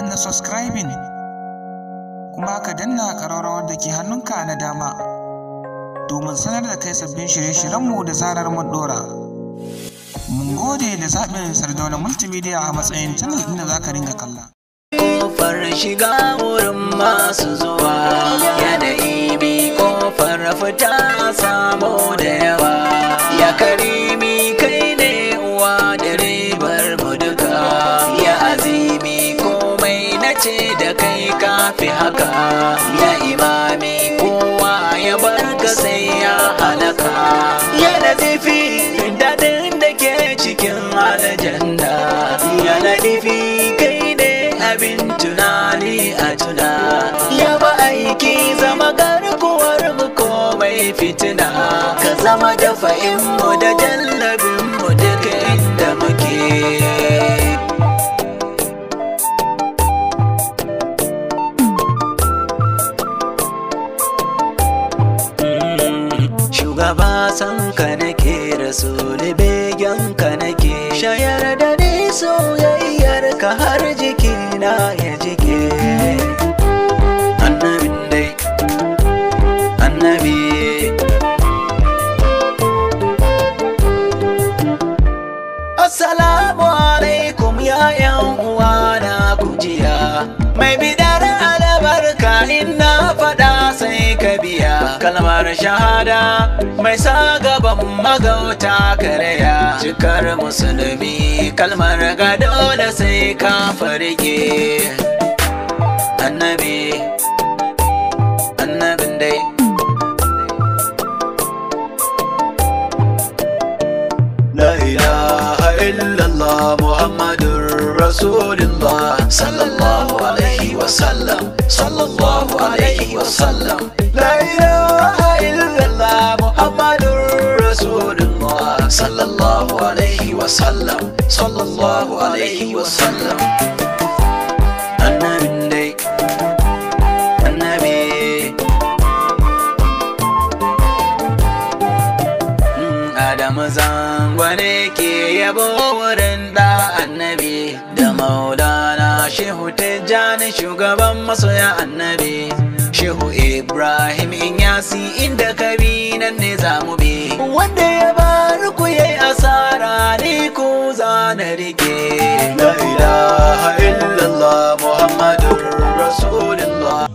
danna subscribing kuma ka danna ƙararrawar da ke hannunka na dama domin sanar da kai sabbin shirye-shiryenmu da zarar mun dora. Mun gode da zaɓin Sardauna Multimedia a matsayin channel ɗin da za ka ringa kalla. Kofar shiga wurin masu zuwa. ya imami kowa ya barka sai ya halaka ya latifi dadin da ke cikin aljanna ya latifi kai ne abin tunani a tuna ya ba aiki zama garkuwar mu komai fitina ka zama dafa'in mu da jalla ba san ka nake rasuli begen ka nake shayar da ni soyayyar ka har jikina ya jike annabin assalamu alaikum ya yan uwa na kujiya mai kalmar shahada mai sa gaban magauta karya cikar musulmi kalmar ga dole sai ka farge annabi annabin dai la ilaha illallah muhammadur rasulullah sallallahu alaihi wasallam sallallahu alaihi wasallam sallallahu alaihi wasallam annabin annabi hmm, Adamu ke yabo wurin da annabi da maulana shehu tijjani shugaban masoya annabi shehu ibrahim inyasi inda kabinan ne zamu bi wanda ya bar ku yayi asara rike la ilaha illallah muhammadur rasulullah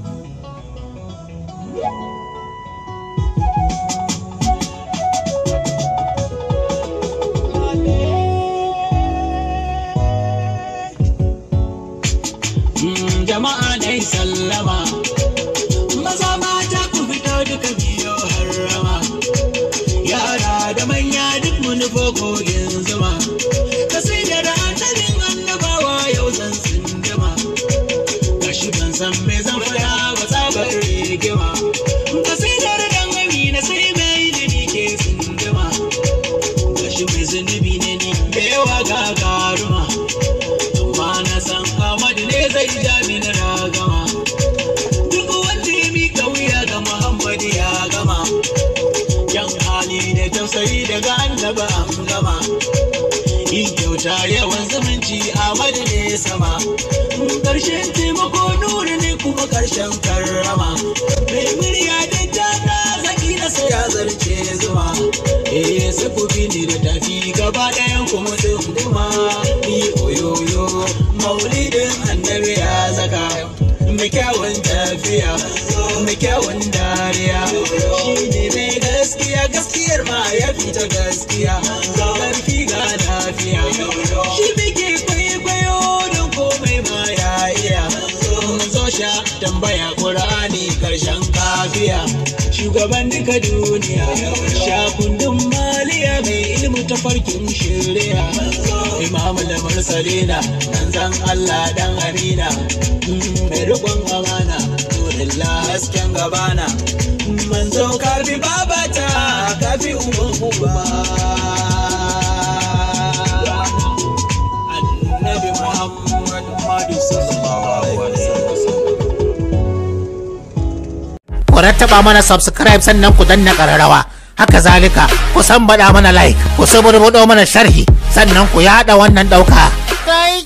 hmm, jama'a dai sallama batun rigima kasidar dangami na sai mai ilimi ke tsindima gashi mai zunubi ne ni bewa ga garuma amma na san amadu ne zai ja min ragama duk wanda ya mi kauya ga muhammadu ya gama yan hali da tausayi daga annaba an gama in kyauta yawan zumunci amadu ne sama ƙarshen taimako nuna karshen karrama mai murya da jana zaki da ya zarce zuwa eh su ku bi ni da tafi gaba ɗayan ku mutum kuma ni oyoyo maulidin annabi ya zaka mai kyawun tafiya mai kyawun dariya shi ne mai gaskiya gaskiyar ma ya fita gaskiya sha tambaya ƙur'ani ƙarshen kafiya shugaban duka duniya sha kundin maliya mai ilmu ta farkin shirya imamu da mursalina zan Allah dan amina mm, mai riƙon amana nurillah hasken gabana manzo kafi babata kafi umar kuma annabi muhammad sallallahu ku rattaba mana subscribe sannan ku danna kararrawa haka zalika ku san bada mana like ku saburbudo mana sharhi sannan ku yada wannan dauka kai